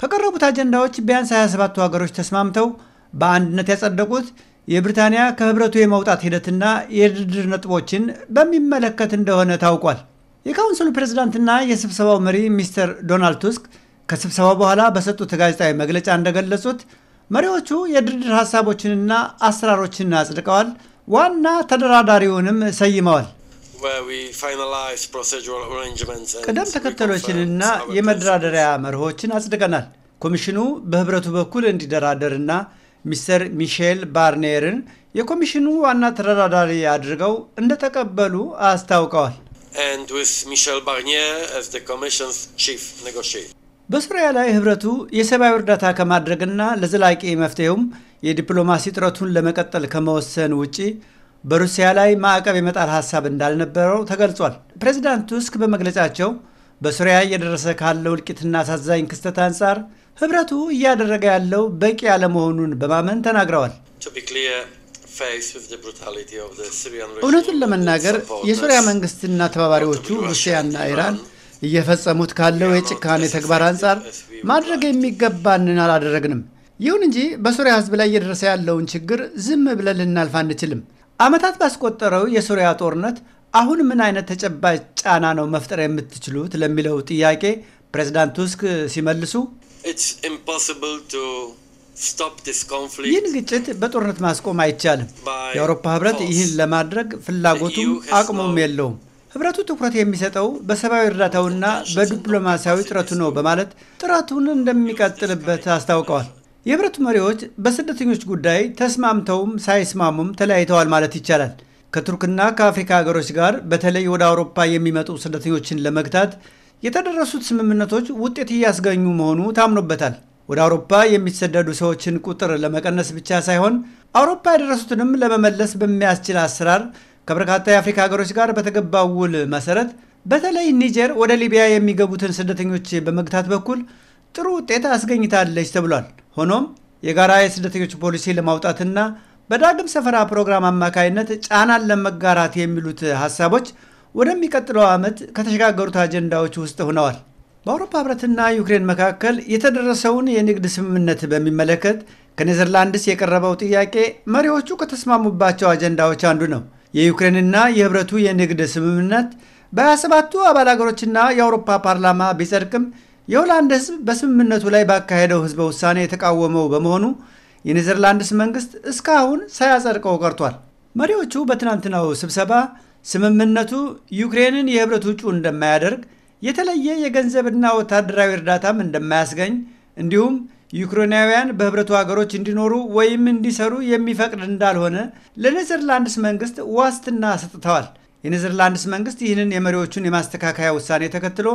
ከቀረቡት አጀንዳዎች ቢያንስ 27 ሀገሮች ተስማምተው በአንድነት ያጸደቁት የብሪታንያ ከህብረቱ የመውጣት ሂደትና የድርድር ነጥቦችን በሚመለከት እንደሆነ ታውቋል። የካውንስሉ ፕሬዝዳንትና የስብሰባው መሪ ሚስተር ዶናልድ ቱስክ ከስብሰባው በኋላ በሰጡት ጋዜጣዊ መግለጫ እንደገለጹት መሪዎቹ የድርድር ሀሳቦችንና አሰራሮችን አጽድቀዋል። ዋና ተደራዳሪውንም ሰይመዋል። ቅደም ተከተሎችንና የመደራደሪያ መርሆችን አጽድቀናል። ኮሚሽኑ በህብረቱ በኩል እንዲደራደርና ሚስተር ሚሼል ባርኔርን የኮሚሽኑ ዋና ተደራዳሪ አድርገው እንደተቀበሉ አስታውቀዋል። በሱሪያ ላይ ህብረቱ የሰብአዊ እርዳታ ከማድረግና ለዘላቂ መፍትሄውም የዲፕሎማሲ ጥረቱን ለመቀጠል ከመወሰን ውጪ በሩሲያ ላይ ማዕቀብ የመጣል ሀሳብ እንዳልነበረው ተገልጿል። ፕሬዚዳንት ቱስክ በመግለጫቸው በሱሪያ እየደረሰ ካለው እልቂትና አሳዛኝ ክስተት አንጻር ህብረቱ እያደረገ ያለው በቂ ያለመሆኑን በማመን ተናግረዋል። እውነቱን ለመናገር የሱሪያ መንግስትና ተባባሪዎቹ ሩሲያና ኢራን እየፈጸሙት ካለው የጭካኔ ተግባር አንጻር ማድረግ የሚገባንን አላደረግንም። ይሁን እንጂ በሱሪያ ህዝብ ላይ እየደረሰ ያለውን ችግር ዝም ብለን ልናልፍ አንችልም። ዓመታት ባስቆጠረው የሱሪያ ጦርነት አሁን ምን አይነት ተጨባጭ ጫና ነው መፍጠር የምትችሉት ለሚለው ጥያቄ ፕሬዚዳንት ቱስክ ሲመልሱ ይህን ግጭት በጦርነት ማስቆም አይቻልም። የአውሮፓ ህብረት ይህን ለማድረግ ፍላጎቱም e አቅሙም የለውም። ህብረቱ ትኩረት የሚሰጠው በሰብአዊ እርዳታውና በዲፕሎማሲያዊ ጥረቱ ነው በማለት ጥረቱን እንደሚቀጥልበት አስታውቀዋል። የህብረቱ መሪዎች በስደተኞች ጉዳይ ተስማምተውም ሳይስማሙም ተለያይተዋል ማለት ይቻላል። ከቱርክና ከአፍሪካ ሀገሮች ጋር በተለይ ወደ አውሮፓ የሚመጡ ስደተኞችን ለመግታት የተደረሱት ስምምነቶች ውጤት እያስገኙ መሆኑ ታምኖበታል። ወደ አውሮፓ የሚሰደዱ ሰዎችን ቁጥር ለመቀነስ ብቻ ሳይሆን አውሮፓ የደረሱትንም ለመመለስ በሚያስችል አሰራር ከበርካታ የአፍሪካ ሀገሮች ጋር በተገባው ውል መሰረት በተለይ ኒጀር ወደ ሊቢያ የሚገቡትን ስደተኞች በመግታት በኩል ጥሩ ውጤት አስገኝታለች ተብሏል። ሆኖም የጋራ የስደተኞች ፖሊሲ ለማውጣትና በዳግም ሰፈራ ፕሮግራም አማካይነት ጫናን ለመጋራት የሚሉት ሀሳቦች ወደሚቀጥለው ዓመት ከተሸጋገሩት አጀንዳዎች ውስጥ ሆነዋል። በአውሮፓ ሕብረትና ዩክሬን መካከል የተደረሰውን የንግድ ስምምነት በሚመለከት ከኔዘርላንድስ የቀረበው ጥያቄ መሪዎቹ ከተስማሙባቸው አጀንዳዎች አንዱ ነው። የዩክሬንና የህብረቱ የንግድ ስምምነት በ27ቱ አባል አገሮችና የአውሮፓ ፓርላማ ቢጸድቅም የሆላንድ ህዝብ በስምምነቱ ላይ ባካሄደው ህዝበ ውሳኔ የተቃወመው በመሆኑ የኔዘርላንድስ መንግስት እስካሁን ሳያጸድቀው ቀርቷል። መሪዎቹ በትናንትናው ስብሰባ ስምምነቱ ዩክሬንን የህብረት ውጩ እንደማያደርግ፣ የተለየ የገንዘብና ወታደራዊ እርዳታም እንደማያስገኝ እንዲሁም ዩክሬናውያን በህብረቱ ሀገሮች እንዲኖሩ ወይም እንዲሰሩ የሚፈቅድ እንዳልሆነ ለኔዘርላንድስ መንግስት ዋስትና ሰጥተዋል። የኔዘርላንድስ መንግስት ይህንን የመሪዎቹን የማስተካከያ ውሳኔ ተከትሎ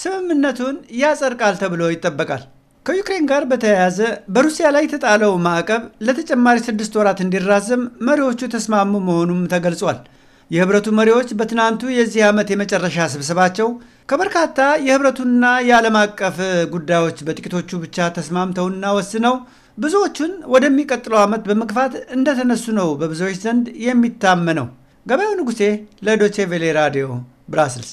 ስምምነቱን ያጸድቃል ተብሎ ይጠበቃል። ከዩክሬን ጋር በተያያዘ በሩሲያ ላይ የተጣለው ማዕቀብ ለተጨማሪ ስድስት ወራት እንዲራዘም መሪዎቹ ተስማሙ መሆኑም ተገልጿል። የህብረቱ መሪዎች በትናንቱ የዚህ ዓመት የመጨረሻ ስብሰባቸው ከበርካታ የህብረቱና የዓለም አቀፍ ጉዳዮች በጥቂቶቹ ብቻ ተስማምተውና ወስነው ብዙዎቹን ወደሚቀጥለው ዓመት በመግፋት እንደተነሱ ነው በብዙዎች ዘንድ የሚታመነው። ገበያው ንጉሴ ለዶቼ ቬሌ ራዲዮ ብራስልስ